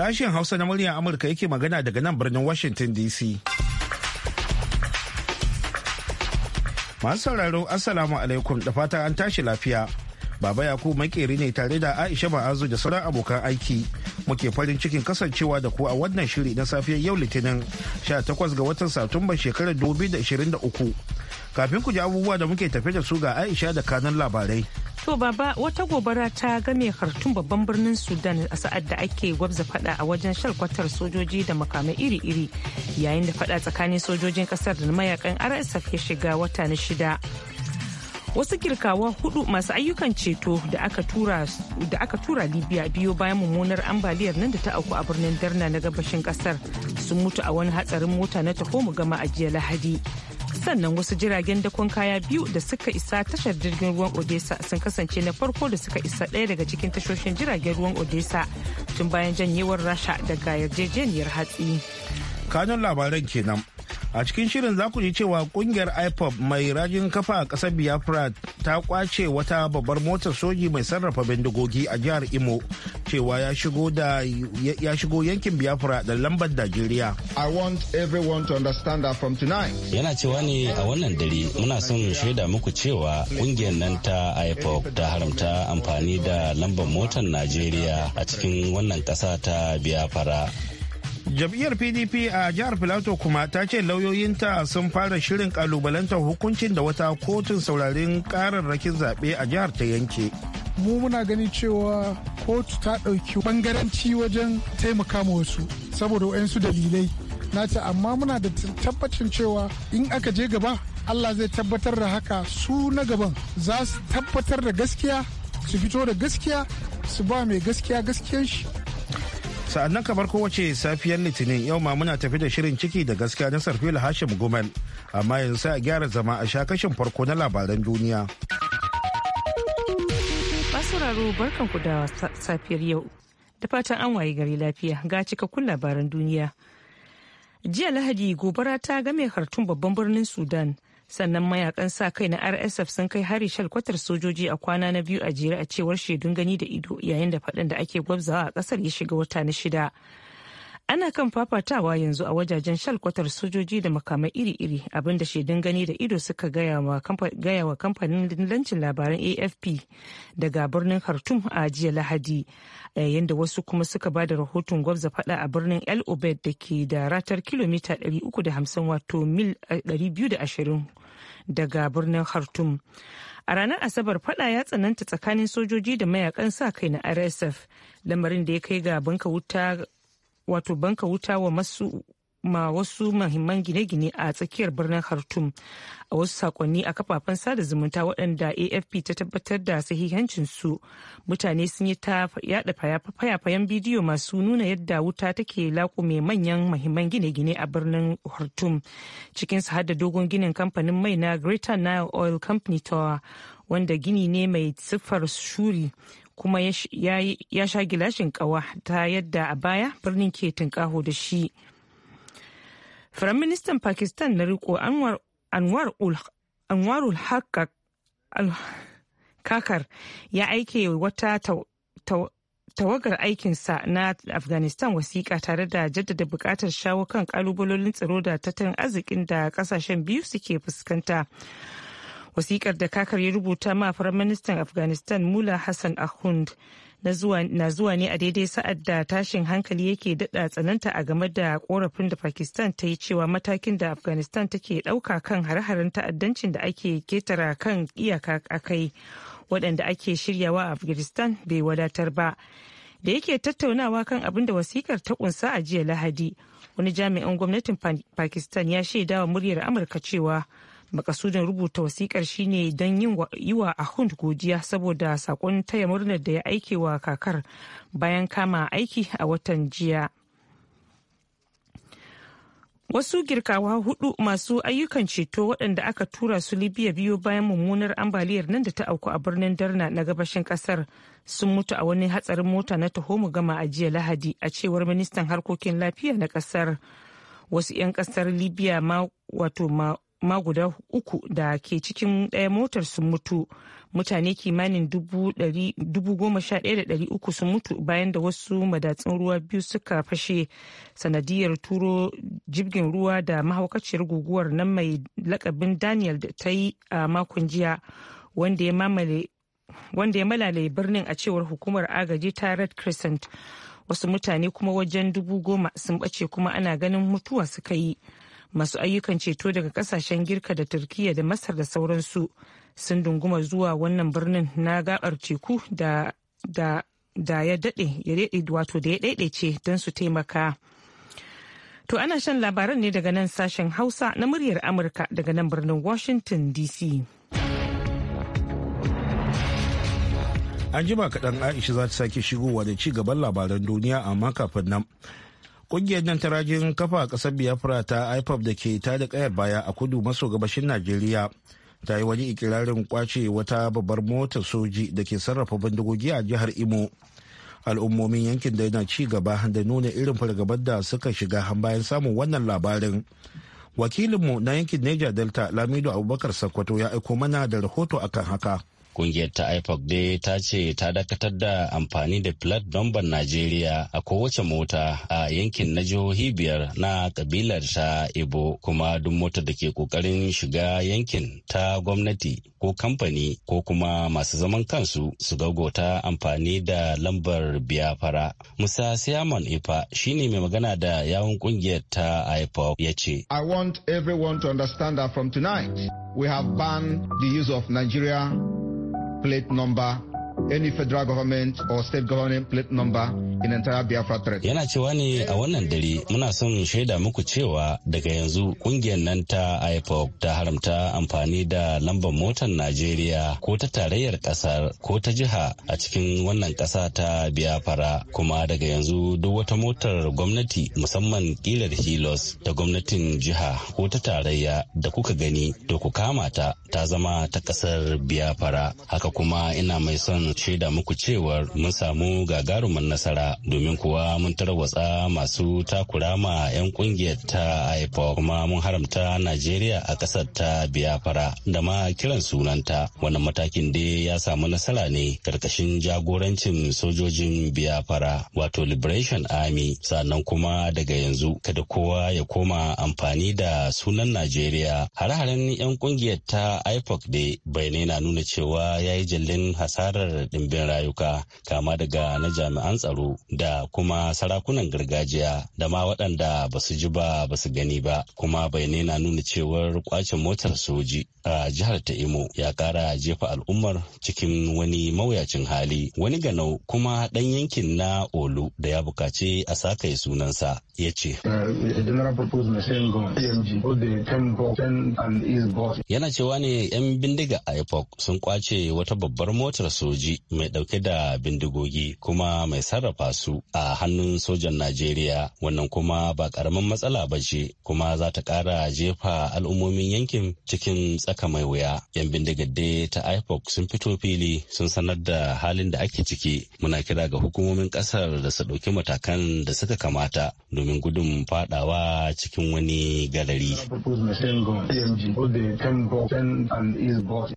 Sashen Hausa na muryar Amurka yake magana daga nan birnin Washington DC. Masu sauraro Assalamu alaikum da fata an tashi lafiya. Baba Yakubu makeri ne tare da Aisha Ma'azu da sauran abokan aiki. muke farin cikin kasancewa da ku a wannan shiri na safiyar yau litinin 18 ga watan satumba shekarar 2023 kafin ku ji abubuwa da muke tafe da su ga aisha da kanan labarai to baba wata gobara ta game hartun babban birnin sudan a sa'ad da ake gwabza fada a wajen shalkwatar sojoji da makamai iri-iri yayin da fada tsakanin sojojin kasar da na mayakan rsf ya shiga wata na shida wasu kirkawa hudu masu ayyukan ceto da aka tura libya biyo bayan mummunar ambaliyar nan da ta auku a birnin darna na gabashin kasar sun mutu a wani hatsarin mota na taho mu gama a jiya lahadi sannan wasu jiragen dakon kaya biyu da suka isa tashar jirgin ruwan odessa sun kasance na farko da suka isa ɗaya daga cikin tashoshin jiragen ruwan odessa tun bayan janyewar rasha daga yarjejeniyar hatsi kanun labaran kenan a cikin shirin za ku ji cewa kungiyar ipop mai rajin kafa a ƙasar biafra ta kwace wata babbar motar soji mai sarrafa bindigogi a jihar imo cewa ya shigo yankin biafra da lambar najeriya i want everyone yana cewa ne a wannan dare muna son shaida muku cewa kungiyar nan ta ipop ta haramta amfani da lambar motar najeriya a cikin wannan kasa ta biafra jam'iyyar pdp a jihar filato kuma ta ce lauyoyinta sun fara shirin kalubalantar hukuncin da wata kotun saurarin kararrakin zaɓe a jihar ta yanke mu muna gani cewa kotu ta ɗauki bangaranci wajen taimaka ma wasu saboda wayansu dalilai nata amma muna da tabbacin cewa in aka je gaba allah zai tabbatar da haka su na gaban za su tabbatar da gaskiya su fito da gaskiya su ba mai gaskiya gaskiyan shi sa'annan kamar kowace safiyar litinin yau ma muna tafi da shirin ciki da gaskiya na sarfil hashim gumel amma yanzu a gyara zama a sha kashin farko na labaran duniya masauraro barkan da safiyar yau da fatan an waye gari lafiya ga cikakkun labaran duniya jiya lahadi gobara ta game hartun babban birnin sudan sannan mayakan sa kai na rsf sun kai hari shalkwatar sojoji a kwana na biyu a jere a cewar shaidun gani da ido yayin da faɗin da ake gwabzawa a ƙasar ya shiga wata na shida ana kan fafatawa yanzu a wajajen shalkwatar sojoji da makamai iri-iri abinda shaidun gani da ido suka gaya wa kamfanin lancin labaran afp daga birnin khartoum a jiya lahadi yayin da wasu kuma suka ba da rahoton gwabza fada a birnin el obed da ke da ratar kilomita 350 wato mil 220 eh, daga birnin khartoum a ranar asabar fada ya tsananta tsakanin sojoji da mayakan sa kai na rsf lamarin da ya kai ga banka wuta wato banka wuta wa masu ma wasu mahimman gine-gine a tsakiyar birnin Khartoum a wasu sakonni a kafafen sada zumunta waɗanda AFP ta tabbatar da sahihancin su mutane sun yi ta yada fayafayen bidiyo masu nuna yadda wuta take mai manyan mahimman gine-gine a birnin Khartoum cikin su da dogon ginin kamfanin mai na Greater Nile Oil Company Tower wanda gini ne mai siffar shuri kuma ya sha gilashin kawa ta yadda a baya birnin ke tunƙaho da shi. Firaministan Pakistan na riko Anwarul Kakar ya aike wata tawagar aikinsa na Afghanistan wasiƙa tare da jaddada buƙatar shawo kan ƙalubalolin tsaro da tattalin arzikin da ƙasashen biyu suke fuskanta. wasikar da kakar ya rubuta ma firaministan afghanistan mula hassan ahund na zuwa ne a daidai sa'ad da tashin hankali yake dada tsananta a game da korafin da pakistan ta yi cewa matakin da afghanistan take dauka kan har-haren ta'addancin da ake ketara kan iyaka a kai waɗanda ake shiryawa a afghanistan bai wadatar ba da yake tattaunawa kan abin da wasikar ta kunsa a jiya lahadi wani jami'in gwamnatin pakistan ya shaidawa muryar amurka cewa makasudin rubuta wasikar shine don yi wa a hund godiya saboda sakon taya murnar da ya aike wa kakar bayan kama aiki a watan jiya wasu girkawa hudu masu ayyukan ceto waɗanda aka tura su libya biyu bayan mummunar ambaliyar nan da ta auku a birnin darna na gabashin kasar sun mutu a wani hatsarin mota na taho gama a jiya lahadi a cewar ministan harkokin lafiya na kasar wasu 'yan kasar libya ma wato ma ma guda uku da ke cikin ɗaya motar sun mutu mutane kimanin dubu uku sun mutu bayan da wasu madatsun ruwa biyu suka fashe sanadiyar turo jirgin ruwa da mahaukaciyar guguwar nan mai lakabin daniel da ta yi a makon jiya wanda ya malale birnin a cewar hukumar agaji ta red crescent wasu mutane kuma wajen dubu goma sun bace kuma ana ganin mutuwa suka yi. masu ayyukan ceto daga kasashen girka da turkiya da masar da sauransu sun dunguma zuwa wannan birnin na gabar teku da ya dade ya daɗe wato da ya daidaice don su taimaka to ana shan labaran ne daga nan sashen hausa na muryar amurka daga nan birnin washington dc an jima kaɗan aisha za ta sake shigowa da ci gaban labaran duniya amma kafin nan Ƙungiyar nan ta rajin kafa a ƙasar Biafra ta IPOP da ke ta da ƙayar baya a kudu maso gabashin Najeriya ta yi wani ikirarin kwace wata babbar motar soji da ke sarrafa bindigogi a jihar Imo. Al'ummomin yankin da yana ci gaba da nuna irin fargabar da suka shiga bayan samun wannan labarin. Wakilinmu na yankin Niger Delta Lamido Abubakar Sakkwato ya aiko mana da rahoto akan haka. Kungiyar ta IPOC dai ta ce ta dakatar da amfani da plat number Najeriya a kowace mota a yankin na jihohi biyar na kabilar ta Ibo kuma duk mota da ke kokarin shiga yankin ta gwamnati ko kamfani ko kuma masu zaman kansu su gota amfani da lambar biyafara. Musa Siamon Ifa ne mai magana da yawun kungiyar ta IPOC ya ce. I want everyone to understand that from tonight. we have banned the use of Nigeria plate number any federal government or state government plate number in entire Biafra threat. Yana cewa ne a wannan dare muna son shaida muku cewa daga yanzu kungiyar nan ta IPOC ta haramta amfani da lambar motar Najeriya ko ta tarayyar kasar ko ta jiha a cikin wannan kasa ta Biafra kuma daga yanzu duk wata motar gwamnati musamman kilar Hilos da gwamnatin jiha ko ta tarayya da kuka gani da ku kama ta ta zama ta kasar Biafra haka kuma ina mai son ce da muku cewar mun samu gagarumin nasara domin kuwa mun tarwatsa masu takura ma 'yan kungiyar ta IPOC kuma mun haramta Najeriya a ƙasar ta Biyafara. da ma kiran sunanta wannan matakin dai ya samu nasara ne karkashin jagorancin sojojin Biyafara, wato Liberation Army sannan kuma daga yanzu kada kowa ya koma amfani da sunan Najeriya hare-haren 'yan kungiyar ta IPOC dai bai na nuna cewa ya yi jallin hasarar da ɗimbin rayuka kama daga na jami'an tsaro da kuma sarakunan gargajiya da ma waɗanda ba su ji ba ba su gani ba kuma bai na nuna cewar kwacin motar soji a jihar ta imo ya kara jefa al'ummar cikin wani mawuyacin hali wani ganau kuma ɗan yankin na olu da ya buƙaci a ya sunansa ya ce uh, yana cewa ne 'yan bindiga ipoc sun kwace wata babbar motar soji sojoji mai dauke da bindigogi kuma mai sarrafa su a hannun sojan najeriya wannan kuma ba karamin matsala ba ce kuma za ta kara jefa al'ummomin yankin cikin tsaka mai wuya yan bindigadde ta ipoc sun fito fili sun sanar da halin da ake ciki muna kira ga hukumomin kasar da su ɗauki matakan da suka kamata domin gudun fadawa cikin wani galari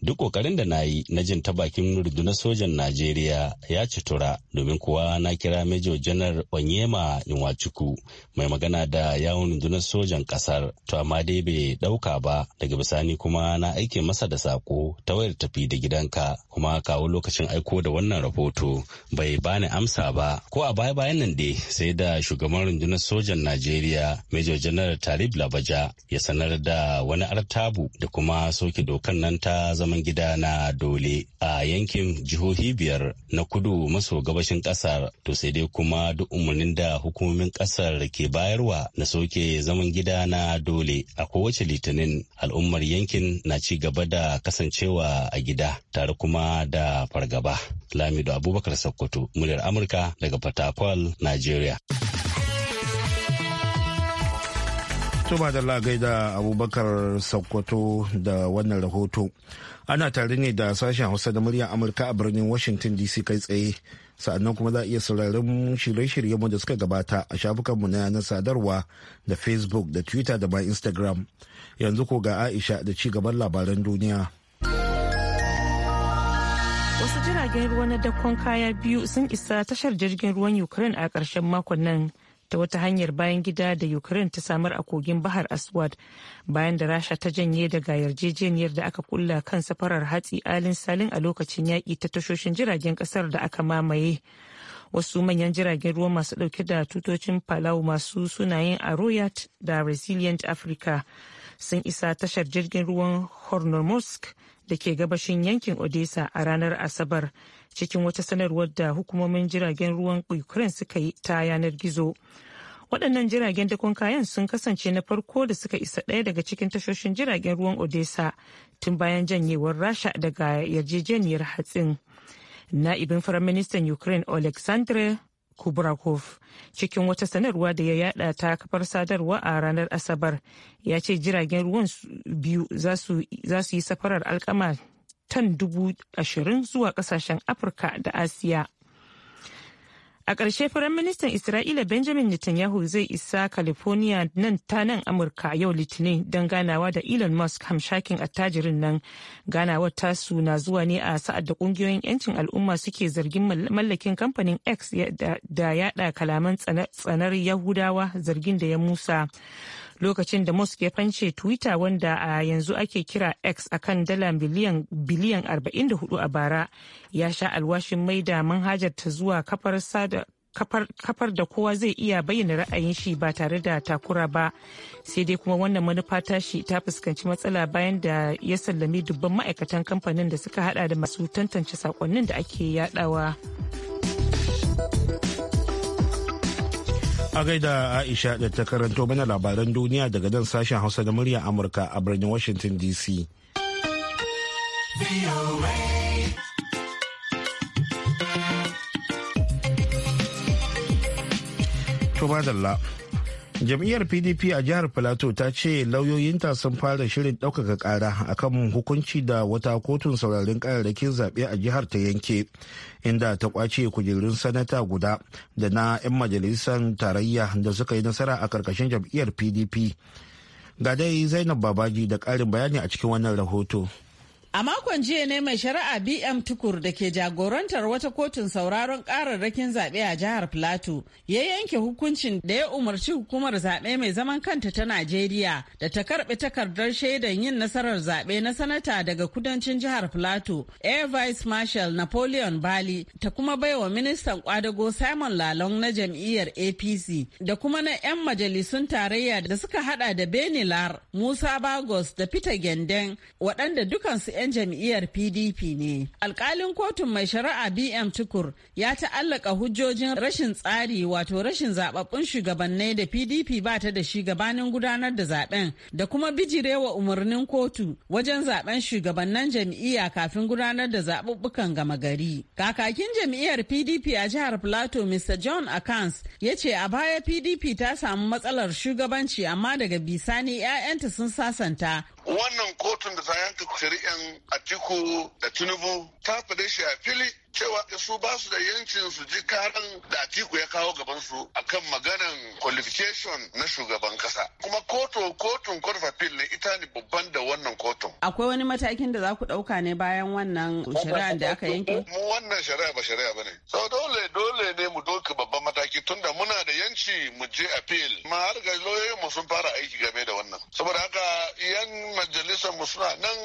duk kokarin da na yi na jin ta bakin rundunar so sojan Najeriya ya citura domin kuwa na kira Major Janar Onyema Inwachuku mai magana da yawon rundunar sojan kasar to amma dai bai dauka ba daga bisani kuma na aike masa da sako ta wayar tafi da gidanka kuma kawo lokacin aiko da wannan rahoto bai bani amsa ba ko a baya bayan nan dai sai da shugaban rundunar sojan Najeriya Major Janar Talib Labaja ya sanar da wani artabu da kuma soke dokan nan ta zaman gida na dole a yankin jihu jihohi biyar na kudu maso gabashin kasar to sai dai kuma duk umarnin da hukumomin kasar ke bayarwa na soke zaman gida na dole a kowace litinin al'ummar yankin na ci gaba da kasancewa a gida tare kuma da fargaba lamido abubakar sokoto muryar amurka daga fatakwal nigeria ba da lagai da Abubakar Sokoto da wannan rahoto. Ana tare ne da sashen Hausa da muryar Amurka a birnin Washington DC kai tsaye. Sa'annan kuma za a iya sauraron shirye-shiryenmu da suka gabata a shafukanmu na yanar sadarwa da Facebook da Twitter da ma Instagram. Yanzu ko ga Aisha da ci gaban labaran duniya. Wasu jiragen ruwa na dakon kaya biyu sun isa tashar jirgin ruwan Ukraine a ƙarshen makon nan. ta wata hanyar bayan gida da ukraine ta samar a kogin bahar aswad bayan da rasha ta janye daga yarjejeniyar da aka kulla kan safarar hatsi alin salin a lokacin yaƙi ta tashoshin jiragen ƙasar da aka mamaye wasu manyan jiragen ruwa masu ɗauke da tutocin palau masu sunayen aroyat da resilient africa sun isa tashar jirgin ruwan hormuz da ke gabashin yankin odessa a ranar asabar cikin wata sanarwar da hukumomin jiragen ruwan ukraine suka yi ta yanar gizo waɗannan jiragen dakon kayan sun kasance na farko da suka isa ɗaya daga cikin tashoshin jiragen ruwan odessa tun bayan janyewar rasha daga yarjejeniyar hatsin na'ibin firaministan ukraine alexander kubrakov cikin wata sanarwa da ya yada ta kafar sadarwa a ranar asabar ya ce jiragen ruwan biyu za su yi safarar alkama tan dubu ashirin zuwa kasashen afirka da asiya a ƙarshe ministan isra'ila benjamin netanyahu zai isa california nan ta nan amurka yau litinin don ganawa da elon musk hamshakin attajirin nan ganawar tasu na zuwa ne a sa'ad da ƙungiyoyin 'yancin al'umma suke zargin mallakin kamfanin x da yada kalaman tsanar yahudawa zargin da ya musa lokacin da musk ya fance twitter wanda a yanzu ake kira x akan dala biliyan 44 a bara ya sha alwashin mai da manhajar ta zuwa kafar sada kafar da kowa zai iya bayyana ra'ayin shi ba tare da takura ba sai dai kuma wannan manufa ta shi ta fuskanci matsala bayan da ya sallami dubban ma'aikatan kamfanin da suka hada da masu tantance sakonnin da ake yadawa. A gaida Aisha da ta karanto mana labaran duniya daga nan sashen Hausa da murya Amurka a birnin Washington DC. To jam'iyyar pdp a jihar plateau ta ce lauyoyinta sun fara shirin ɗaukaka ƙara akan hukunci da wata kotun saurarin kararrakin zaɓe a jihar ta yanke inda ta kwace kujerun sanata guda da na 'yan majalisar tarayya da suka yi nasara a ƙarƙashin jam'iyyar pdp ga dai zainab babaji da ƙarin bayani a cikin wannan rahoto A makon jiya ne mai shari'a BM Tukur da ke jagorantar wata kotun sauraron kararrakin zaɓe a jihar Filato ya yanke hukuncin da ya umarci hukumar zaɓe mai zaman kanta ta Najeriya da ta karɓi takardar shaidan yin nasarar zaɓe na sanata daga kudancin jihar Filato Air Vice Marshal Napoleon Bali ta kuma baiwa ministan kwadago Simon Lalong na jam'iyyar APC da kuma na 'yan majalisun tarayya da suka hada da Benilar Musa Bagos da Peter Genden waɗanda dukansu 'yan jam'iyyar PDP ne. Alkalin kotun mai shari'a BM Tukur ya ta'allaka hujjojin rashin tsari wato rashin zababbun shugabannai da PDP ba ta da shi gabanin gudanar da zaben da kuma bijirewa umarnin kotu wajen zaben shugabannin jam'iyya kafin gudanar da zaɓuɓɓukan gama gari. Kakakin jam'iyyar PDP a jihar plato Mr. John Akans ya ce a baya PDP ta samu matsalar shugabanci amma daga bisani 'ya'yanta sun sasanta wannan kotun da ta yanka shari'an atiku da tinubu ta fade shi a fili cewa su ba su da yancin su ji karan da Atiku ya kawo gaban su akan maganan qualification na shugaban kasa. Kuma kotu kotun Court of Appeal ne ita ne babban da wannan kotun. Akwai wani matakin da za ku ɗauka ne bayan wannan shari'a da aka yanke? Mu wannan shari'a ba shari'a ba So dole dole ne mu doke babban mataki tunda muna da yanci mu je appeal. Ma har ga loye mu sun fara aiki game da wannan. Saboda haka yan majalisar mu suna nan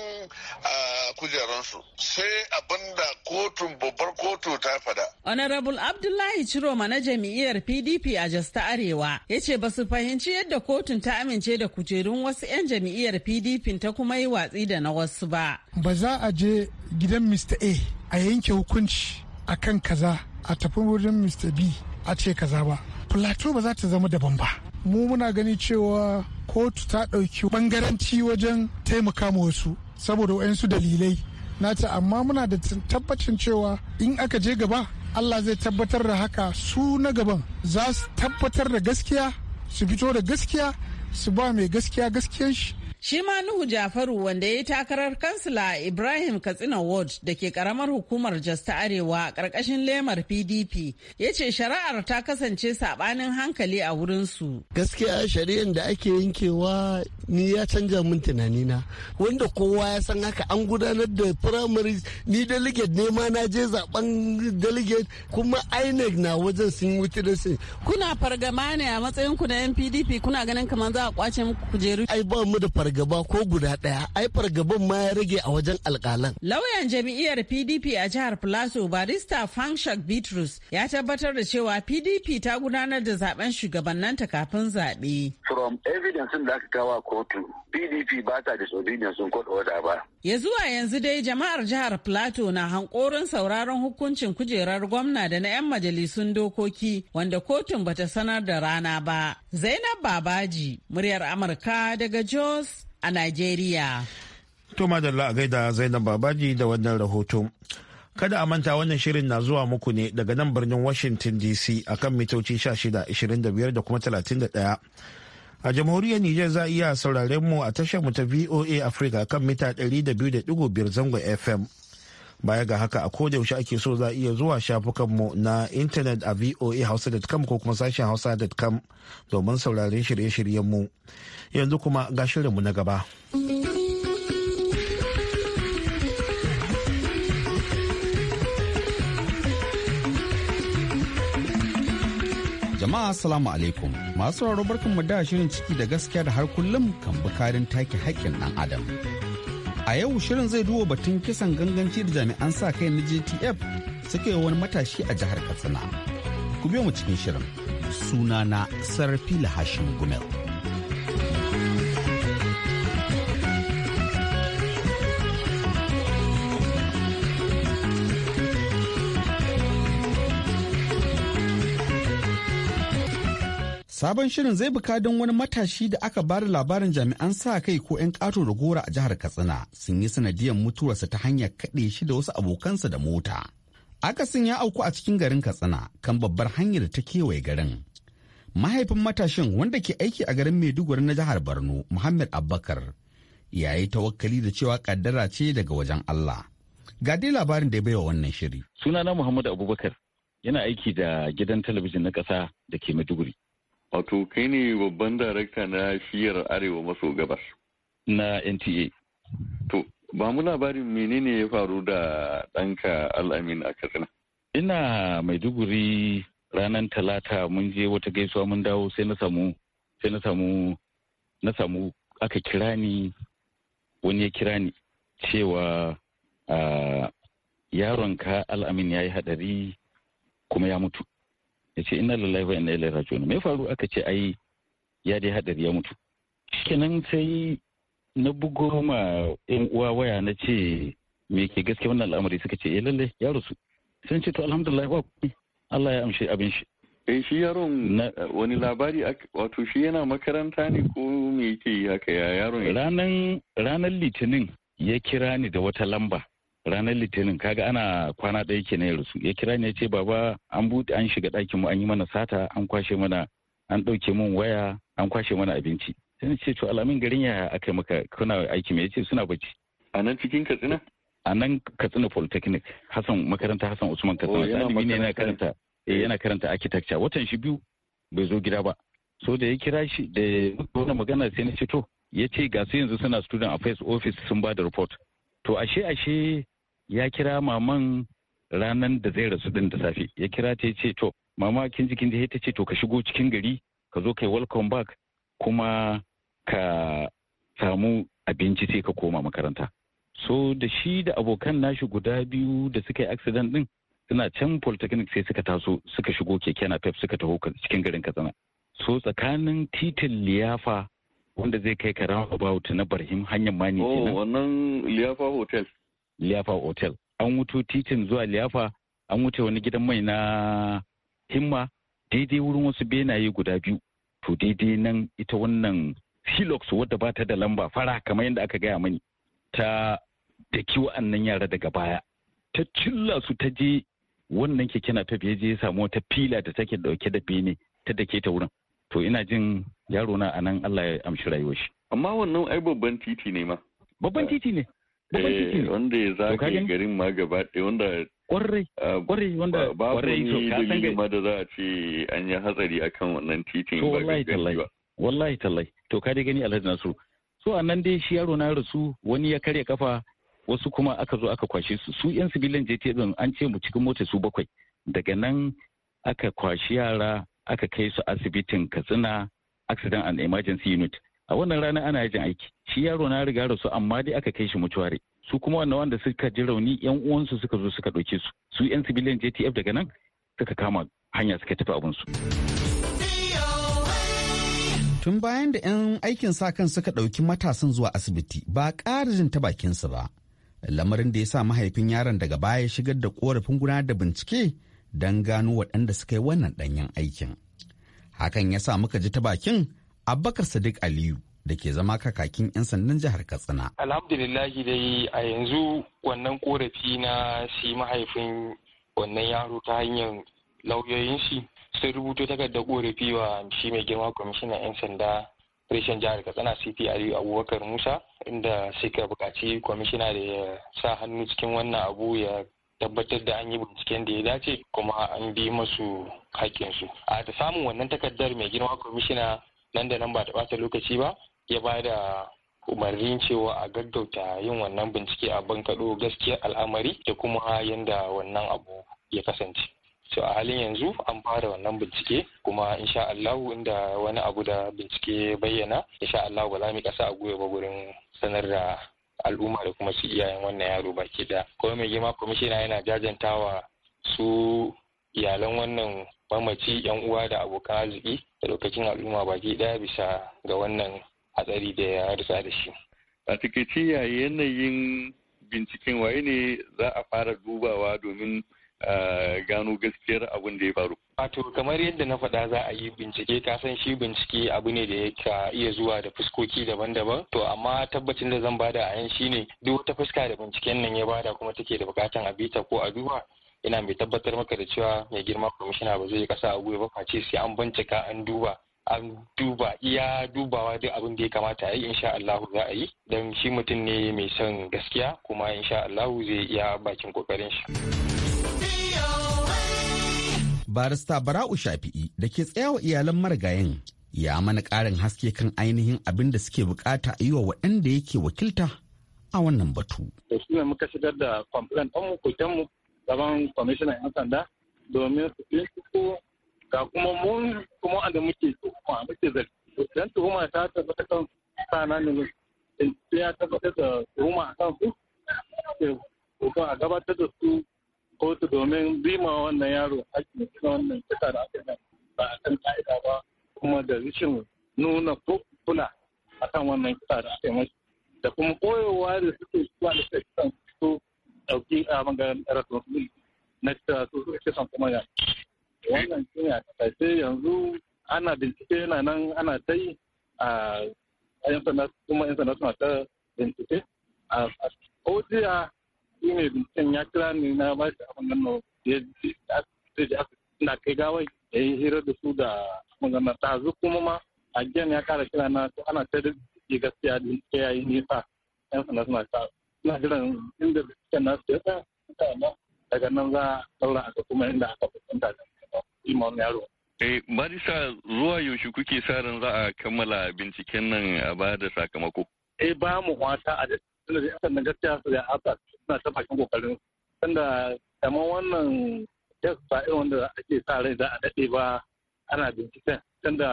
a kujeransu. Sai abinda kotun babban babbar kotu ta fada. Honorable Abdullahi Ciroma na jam'iyyar PDP a Jos ta Arewa ya ce ba su fahimci yadda kotun ta amince da kujerun wasu 'yan jam'iyyar PDP ta kuma yi watsi da na wasu ba. Ba za a je gidan Mr. A a yanke hukunci a kan kaza a tafi wurin Mr. B a ce kaza ba. Plateau ba za ta zama daban ba. Mu muna gani cewa kotu ta ɗauki bangaranci wajen taimaka wasu saboda waɗansu dalilai na ce amma muna da tabbacin cewa in aka je gaba allah zai tabbatar da haka su na gaban za su tabbatar da gaskiya su fito da gaskiya su ba mai gaskiya gaskiyan shi Shi ma Nuhu Jafaru wanda ya yi takarar kansila Ibrahim Katsina Ward da ke karamar hukumar Jos ta Arewa karkashin lemar PDP ya ce shari'ar ta kasance sabanin hankali a wurinsu. Gaskiya shari'ar da ake yankewa ni ya canja min tunani na wanda kowa ya san haka an gudanar da firamare ni delegate ne ma na je zaben delegate kuma INEC na wajen sun wuce da sun. Kuna fargama ne a matsayin ku na NPDP kuna ganin kamar za a kwace muku kujeru. Ai ba mu da fargaba ko guda ɗaya ai fargaban ma ya rage a wajen alƙalan. Lauyan jam'iyyar PDP a jihar Plateau barista Fangshak Bitrus ya tabbatar da cewa PDP ta gudanar da zaben shugabannanta kafin zaɓe. From evidence da aka kawo kotu PDP ba ta disobedience sun court order ba. Ya zuwa yanzu dai jama'ar jihar Plateau na hankorin sauraron hukuncin kujerar gwamna da na 'yan majalisun dokoki wanda kotun bata sanar da rana ba. Zainab Babaji, muryar Amurka daga Jos a Najeriya. To madalla a gaida Zainab Babaji da wannan rahoto. Kada a manta wannan shirin na zuwa muku ne daga nan birnin Washington DC akan mitoci 16, 25 da kuma 31. a jamhuriyar Nijar za a iya sauraren mu a tashar mu ta VOA Africa kan mita 200.5 zango FM. baya ga haka a yaushe ake so za iya zuwa shafukanmu na intanet a voahausa.com ko kuma sashen hausa.com domin saurarin shirye-shiryenmu yanzu kuma ga shirinmu na gaba jama'a assalamu alaikum masu raro barkan mu da shirin ciki da gaskiya da har kullum kan bi bukarin take haƙƙin ɗan adam A yau shirin zai duba batun kisan ganganci da jami'an sa kai na GTF suke wani matashi a jihar Katsina. Ku biyo mu cikin shirin. Sunana Sarfila Hashim Gumel. Sabon shirin zai buka don wani matashi da aka ba da labarin jami'an sa kai ko 'yan ƙato da gora a jihar Katsina sun yi sanadiyar mutuwarsa ta hanyar kaɗe shi da wasu abokansa da mota. Akasin ya auku a cikin garin Katsina kan babbar hanyar ta kewaye garin. Mahaifin matashin wanda ke aiki a garin Maiduguri na jihar Borno, Muhammad Abubakar, ya yi tawakkali da cewa kaddara ce daga wajen Allah. Ga dai labarin da ya baiwa wannan shiri. Sunana Muhammad Abubakar yana aiki da gidan talabijin na ƙasa da ke Maiduguri. Wato kai ne babban darakta na shiyar Arewa maso gabas. Na NTA. To, ba mu labarin menene ya faru da ɗanka al'amin a Katsina. Ina Maiduguri ranar talata mun je wata gaisuwa mun dawo sai na samu sai na samu na samu aka kira ni wani ya kira ni cewa ah, yaronka al'amin ya yi hadari kuma ya mutu ya ce ina lallai ba ina ilai rajo me faru aka ce ai ya dai hadari ya mutu kenan sai na bugo ma yan uwa waya na ce me ke gaske wannan al'amari suka ce eh lalle ya rusu sun ce to alhamdulillah ba Allah ya amshi abin shi eh shi yaron wani labari wato shi yana makaranta ne ko me yake haka ya yaron ranan ranan litinin ya kira ni da wata lamba ranar litinin kaga ana kwana ɗaya ke ya rasu ya kira ni ya ce baba an buɗe an shiga ɗakin mu an yi mana sata an kwashe mana an ɗauke mun waya an kwashe mana abinci sai ce to alamin garin yaya aka maka kuna aiki me yace suna bacci a nan cikin katsina a nan katsina polytechnic hassan makaranta hassan usman katsina ɗalibi oh, ne yana karanta eh, yana karanta architecture watan shi biyu bai zo gida ba so da ya kira shi da wani magana sai na ce to ya ce ga su yanzu suna student affairs office sun ba da report to ashe ashe ya kira maman ranan da zai rasu din da safe ya kira ta ce to mama kin ji kin ji ta ce to ka shigo cikin gari ka zo kai welcome back kuma ka samu abinci sai ka koma makaranta so da shi da abokan nashi guda biyu da suka yi accident din suna can polytechnic sai suka taso suka shigo keke na pep suka taho cikin garin katsina so tsakanin titin liyafa wanda zai kai ka roundabout na barhim hanyar mani oh wannan liyafa hotel liyafa hotel an wuto titin zuwa liyafa an wuce wani gidan mai na himma daidai wurin wasu benaye guda biyu to daidai nan ita wannan hilux wadda ba ta da lamba fara kamar yadda aka gaya mani ta da wa'annan yara daga baya ta cilla su ta je wannan keke na tafiye je samu wata fila da take dauke da bene ta dake ta wurin to ina jin yaro na anan Allah ya amshi rayuwar shi amma wannan ai babban titi ne ma babban titi ne Eh, wanda ya zagaye garin ma gaba ɗaya wanda kwarai kwarai wanda kwarai to ka san ga da za a ce an yi hatsari akan wannan titin ba gaggani ba wallahi tallahi to ka dai gani Alhaji Nasiru so a nan dai shi yaro na rasu wani ya karya kafa wasu kuma aka zo aka kwashe su su yan sibilan JT din an ce mu cikin mota su bakwai daga nan aka kwashi yara aka kai su asibitin Katsina accident and emergency unit a wannan rana ana yajin aiki shi yaro na riga da su amma dai aka kai shi mutuware su kuma wanda wanda suka ji rauni yan uwansu suka zo suka ɗauke su su yan civilian JTF daga nan suka kama hanya suka tafi abun su. Tun bayan da 'yan aikin sa kan suka ɗauki matasan zuwa asibiti ba kara jin ta bakinsu ba. Lamarin da ya sa mahaifin yaron daga baya shigar da korafin gudanar da bincike dan gano waɗanda suka yi wannan ɗanyen aikin. Hakan ya sa muka ji ta bakin Abubakar Sadiq Aliyu da ke zama kakakin 'yan sandan jihar Katsina. Alhamdulillahi dai a yanzu wannan korafi na shi mahaifin wannan yaro ta hanyar lauyoyin shi sun rubuto takardar korafi wa shi mai girma kwamishinan 'yan sanda reshen jihar katsina cp aliyu abubakar musa inda suka buƙaci kwamishina da ya sa hannu cikin wannan abu ya tabbatar da an yi binciken da ya dace kuma an bi masu hakkinsu. a da samun wannan takardar mai girma kwamishina nan da nan ba ta ɓata lokaci ba ya ba da umarnin cewa a gaggauta yin wannan bincike a bankaɗo gaskiyar al'amari da kuma yadda wannan abu ya kasance so a halin yanzu an fara wannan bincike kuma insha Allah inda wani abu da bincike bayyana insha Allahu ba za mu kasa a gwiwa ba gurin sanar da al'umma da kuma su iyayen wannan yaro baki da kuma mai girma kwamishina yana jajantawa su iyalan wannan mamaci yan uwa da abokan arziki da lokacin al'umma baki daya bisa ga wannan hatsari da ya rutsa da shi a takaice yanayin binciken waye ne za a fara dubawa domin gano gaskiyar abin da ya faru wato kamar yadda na faɗa za a yi bincike ka san shi bincike abu ne da ya iya zuwa da fuskoki daban-daban to amma tabbacin da zan bada a yan shine duk wata fuska da binciken nan ya bada kuma take da bukatan a bita ko a duba ina mai tabbatar maka da cewa mai girma kwamishina ba zai kasa a gwiwa ba face sai an bincika an duba an duba iya dubawa duk abin da ya kamata a yi sha Allah za a yi don shi mutum ne mai son gaskiya kuma insha Allah zai iya bakin kokarin shi. Barista Bara'u Shafi'i da ke tsayawa iyalan marigayin ya mana karin haske kan ainihin abin da suke bukata a yi wa waɗanda yake wakilta a wannan batu. Da shi ne muka shigar da kwamfilan ɗan mu mu gaban kwamishinan 'yan sanda domin su binciko ga kuma mun kuma da muke tuhuma muke zai don tuhuma ta tabbata kan sana ne ya tabbata da tuhuma a kan su ko a gabatar da su kotu domin bima wannan yaro hakkin cikin wannan kisa da aka ba a kan ka'ida ba kuma da rishin nuna ko kula a kan wannan kisa da aka yi da kuma koyowa da suke zuwa da su ɗauki a abin ga responsibility na cikin su kisan kuma ya wannan shi ne a ƙasashe yanzu ana bincike yana nan ana ta yi a yan sanda kuma yan sanda suna ta bincike a ojiya shi ne binciken ya kira ne na ba shi abin nan ya ji na kai gawai ya yi hira da su da abin nan ta zu kuma ma a gen ya kara kira na ana ta da gaskiya bincike ya yi nisa yan sanda suna ta na jiran inda binciken su ya sa daga nan za a ɗaura a kuma inda aka fuskanta da imon yaro. Eh, Marisa zuwa yaushe kuke sa ran za a kammala binciken nan a ba da sakamako? Eh, ba mu wata a da ya sannan gaskiya su da haka suna ta bakin kokarin tunda kamar wannan test ba irin wanda ake sa rai za a daɗe ba ana binciken tunda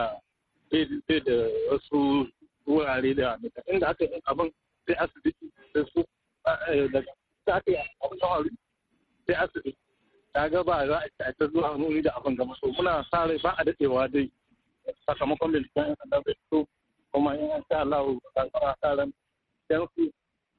sai da wasu wurare da mutane, inda aka yi abin sai asibiti sai su daga ta ta alfahari sai asibiti ta ga ba za a ta zuwa nuni da abin gama so muna sa rai ba a daɗewa dai sakamakon binciken yan sanda zai fito kuma in an sha Allah ta kara sa ran yan su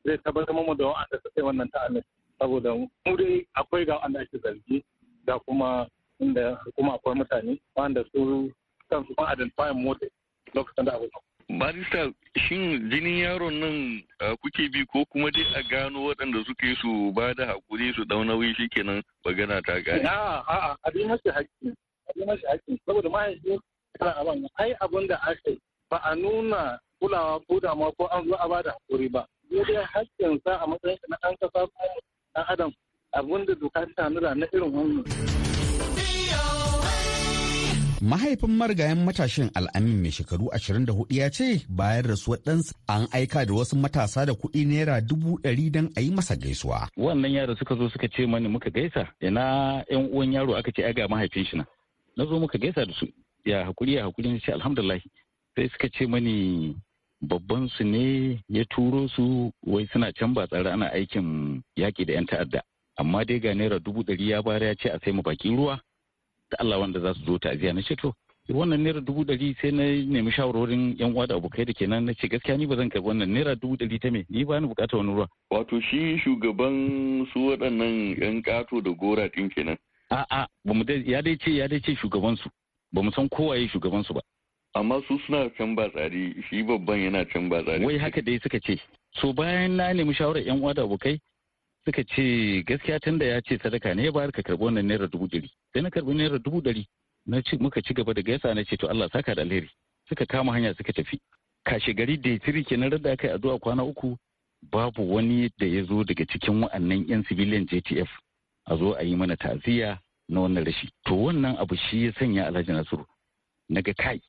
zai tabbatar mu da wa'anda suka yi wannan ta'amin saboda mu dai akwai ga wanda ake zargi da kuma inda kuma akwai mutane wanda su kansu ma identify mota lokacin da abu barista shin jinin yaron nan kuke bi ko kuma dai a gano waɗanda suka yi su ba da haƙuri su ɗau nauyi shi kenan magana ta gani? A'a, a'a, abin mashi haƙƙi, abin mashi haƙƙi, saboda mahaifin a ban, ai abin da aka yi ba a nuna kulawa ko damuwa ko an zo a ba da haƙuri ba. Zai dai sa a matsayin na ɗan ƙasa ko ɗan Adam abin da doka ta nuna na irin wannan. Mahaifin marigayen matashin al'amin mai shekaru 24 ya ce bayan rasuwar ɗansa an aika da wasu matasa da kuɗi naira dubu ɗari don a yi masa gaisuwa. Wannan yaro suka zo suka ce mani muka gaisa ina yan uwan yaro aka ce ga mahaifin shi na. Na zo muka gaisa da su ya hakuri ya hakuri na ce alhamdulahi sai suka ce mani babban su ne ya turo su wai suna can ba tsare ana aikin yaƙi da 'yan ta'adda amma dai ga naira dubu ɗari ya bara ya ce a sai mu bakin ruwa da Allah wanda za su zo ta'aziya na ce to wannan naira dubu ɗari sai na nemi shawarorin yan uwa da abokai da kenan na ce gaskiya ni ba zan karbi wannan naira dubu ɗari ta me ni ba ni bukata wani ruwa. Wato shi shugaban su waɗannan yan ƙato da gora ɗin kenan. A'a ba mu ya dai ce ya dai ce shugaban su ba mu san kowaye shugaban su ba. Amma su suna can ba tsari shi babban yana can ba tsari. Wai haka dai suka ce. So bayan na nemi shawarar yan uwa da abokai suka ce gaskiya tunda ya ce sadaka ne ya bayar ka karbi wannan naira dubu ɗari sai na karbi naira dubu ɗari na ci muka ci gaba da gaisa na ce to Allah saka da alheri suka kama hanya suka tafi kashe gari da tiri kenan rada kai addu'a kwana uku babu wani da ya zo daga cikin wa'annan yan civilian JTF a zo a yi mana ta'aziyya na wannan rashi to wannan abu shi ya sanya Alhaji Nasiru naga kai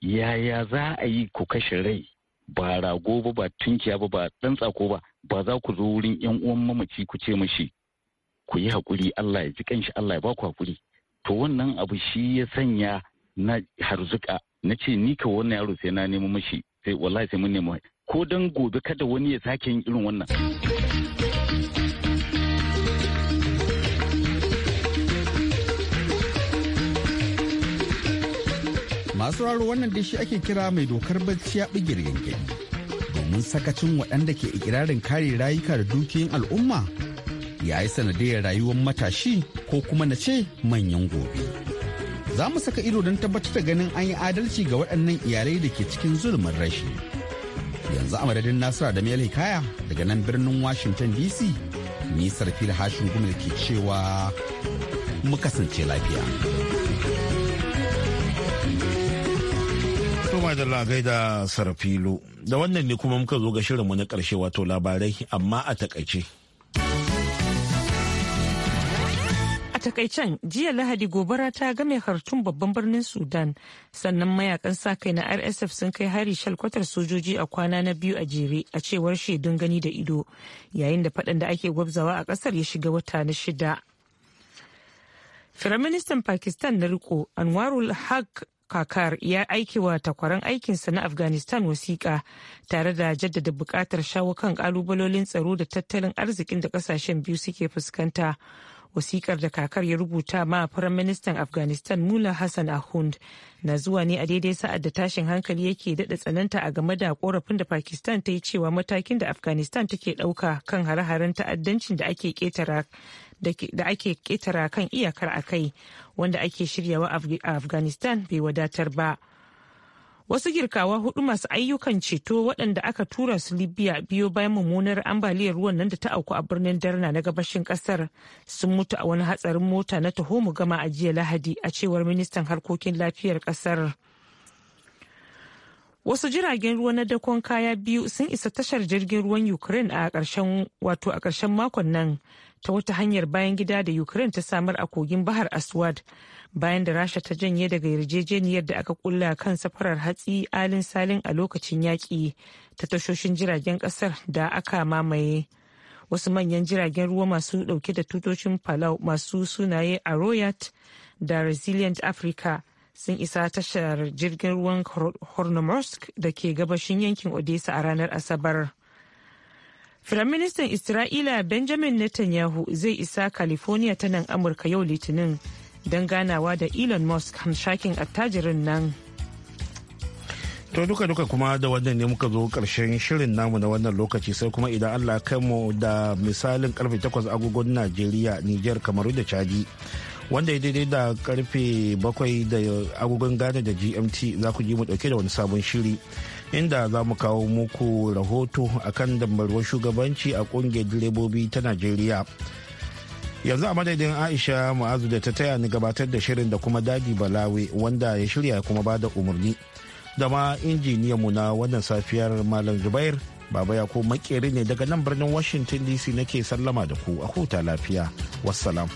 yaya za a yi ku kashe rai ba rago ba ba tunkiya ba ba ɗan tsako ba ba za ku zo wurin yan uwan mamaci ku ce mashi ku yi hakuri Allah ya ji kanshi Allah ya ba ku hakuri to wannan abu shi ya sanya na harzuka na ce ni ka wannan yaro sai na nemo mashi sai wallahi sai mun nemo ko dan gobe kada wani ya sake yin irin wannan masu raro wannan dishi ake kira mai dokar bacci ya bigir yankin domin sakacin waɗanda ke ikirarin kare rayuka da dukiyoyin al'umma ya yi sanadiyar rayuwar matashi ko kuma na ce manyan gobe za mu saka ido don tabbatar da ganin an yi adalci ga waɗannan iyalai da ke cikin zulumin rashi yanzu a madadin nasara da mai kaya daga nan birnin washington dc nisar fil hashin gumil ke cewa mu kasance lafiya. Tuma da lagai da Da wannan ne kuma muka zo ga shirinmu na karshe wato labarai amma a takaice. A takaicen jiya Lahadi gobara ta game hartun babban birnin Sudan sannan mayakan sa kai na RSF sun kai hari shalkwatar sojoji a kwana na biyu a jere a cewar shaidun gani da ido yayin da faɗan da ake gwabzawa a ƙasar ya shiga wata na shida. Firaministan Pakistan na riko Anwarul Haq kakar ya aiki wa takwaran aikinsa na afghanistan wasiƙa tare da jaddada buƙatar shawo kan ƙalubalolin tsaro da tattalin arzikin da ƙasashen biyu suke fuskanta wasikar da kakar ya rubuta ma firaministan afghanistan mula hassan ahund na zuwa ne a daidai sa'ad da tashin hankali yake daɗa tsananta a game da korafin da pakistan ta yi cewa matakin da afghanistan take ɗauka kan hare-haren ta'addancin da ake ƙetara da ake ketara kan iyakar a kai wanda ake shiryawa a afghanistan bai wadatar ba wasu girkawa hudu masu ayyukan ceto waɗanda aka tura su libya biyo bayan mummunar ambaliyar ruwan nan da ta auku a birnin darna na gabashin ƙasar sun mutu a wani hatsarin mota na taho mu gama a jiya lahadi a cewar ministan harkokin lafiyar ƙasar. wasu jiragen ruwa na dakon kaya biyu sun isa tashar jirgin ruwan ukraine a ƙarshen wato a ƙarshen makon nan ta wata hanyar bayan gida da ukraine ta samar a kogin bahar aswad bayan da rasha ta janye daga yarjejeniyar da aka kulla kan safarar hatsi alin salin a lokacin yaƙi ta tashoshin jiragen ƙasar da aka mamaye wasu manyan jiragen ruwa masu dauke da tutocin palau masu sunaye a royat da resilient africa sun isa tashar jirgin ruwan Hornomorsk da ke gabashin yankin odessa a ranar asabar firaministan isra'ila benjamin netanyahu zai isa california ta nan amurka yau litinin don ganawa da elon musk hamshakin attajirin nan to duka duka kuma da wannan ne muka zo karshen shirin namu na wannan lokaci sai kuma idan allah kai mu da misalin karfe 8 agogon najeriya niger kamaru da chadi wanda ya daidai da karfe bakwai da agogon gane da gmt za ku ji mu dauke da wani sabon shiri inda za mu kawo muku rahoto a kan dambarwar shugabanci a kungiyar direbobi ta najeriya yanzu a madadin aisha ma'azu da ta taya ni gabatar da shirin da kuma dadi balawe wanda ya shirya kuma ba da umarni da ma mu na wannan safiyar malam zubair baba ya ko makeri ne daga nan birnin washington dc nake sallama da ku a huta lafiya wassalam.